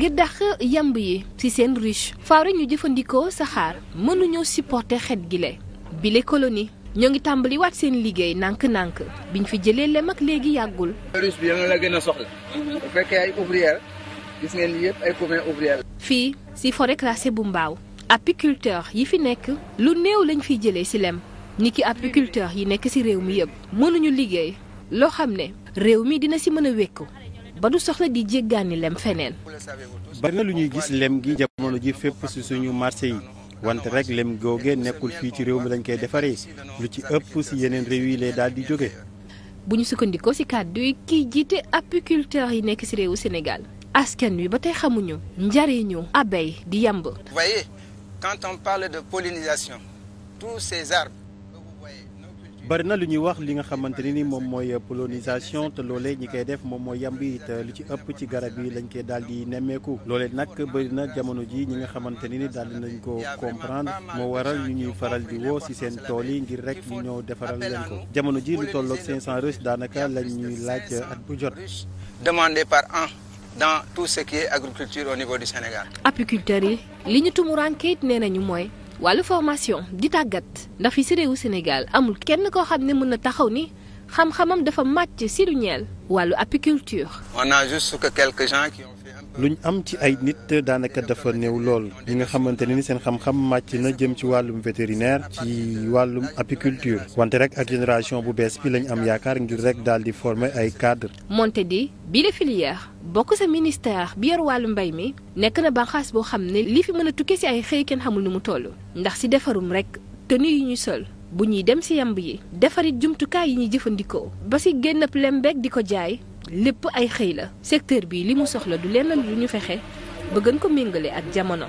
ngir dax yamb yi ci seen ruche faaw rek ñu jëfandikoo saxaar mënuñoo supporter xet gi le bile colonie ñoo ngi tàmbali waat seen liggéey nànk-nànk ñu fi jëlee lem ak léegi yàggul. ruche bi yéen la gën a soxla. fii ci forêt classée bu mbaaw apiculteur yi fi nekk lu néew lañu fiy jëlee ci lem ni ki apiculteur yi nekk ci réew mi yëpp mënuñu liggéey loo xam ne réew mi dina ci mën a wékku. ba du soxla di jéggaani lem feneen. bari na lu ñuy gis lem gi jamono ji fépp suñu marché yi wante rek lem googe nekkul fii ci réew mi lañ koy defaree lu ci ëpp ci yeneen réew yi lay daal di jóge. bu ñu sukkandikoo ci kàddu yi kiy jiite apiculteurs yi nekk ci réewu senegal askan wi ba tey xamuñu njariñu abeille di yamb. vous voyez de pollinisation tous ces bari na lu ñuy wax li nga xamante ne ni moom mooy pollinisation te loole ñi koy def moom moo yamb it lu ci ëpp ci garab yi lañ koy daal di nemmeeku loolee nag bëri na jamono ji ñi nga xamante ne ni daal nañu ko comprendre moo waral ñu ñuy faral di woo si seen tool yi ngir rek ñu ñëw defaral leen ko jamono ji lu tolloog 500 ruches daanaka lañ ñuy laaj at bu jot. demandé par an dans tout ce qui est agriculture au Sénégal. apiculteurs yi li ñu tumuraan kayit nee nañu mooy. wàllu formation di tàggat ndax fi si réewu Sénégal amul kenn ko xam ne mën na taxaw ni xam-xamam dafa màcc si lu ñeel wàllu apiculture. on a juste que quelques gens qui ont... lu ñu am ci ay nit daanaka dafa néew lool ñi nga xamante ne ni seen xam-xam màcc na jëm ci wàllum vétérinaire ci wàllum apiculture wante rek ak génération bu bees bi lañ am yaakaar ngir rek daal di former ay cadres. moonte di bii la filière bokk sa ministère bi yor wàllu mbay mi nekk na banqaas boo xam ne li fi mën a tukkee si ay xëy kenn xamul nu mu toll ndax si defarum rek tenue yi ñu sol. bu ñuy dem ci yamb yi defarit jumtukaay yi ñuy jëfandikoo ba ci génn plem beeg di ko jaay lépp ay xëy la secteur bi li mu soxla du lenn lu ñu fexe ba gën ko méngale ak jamono.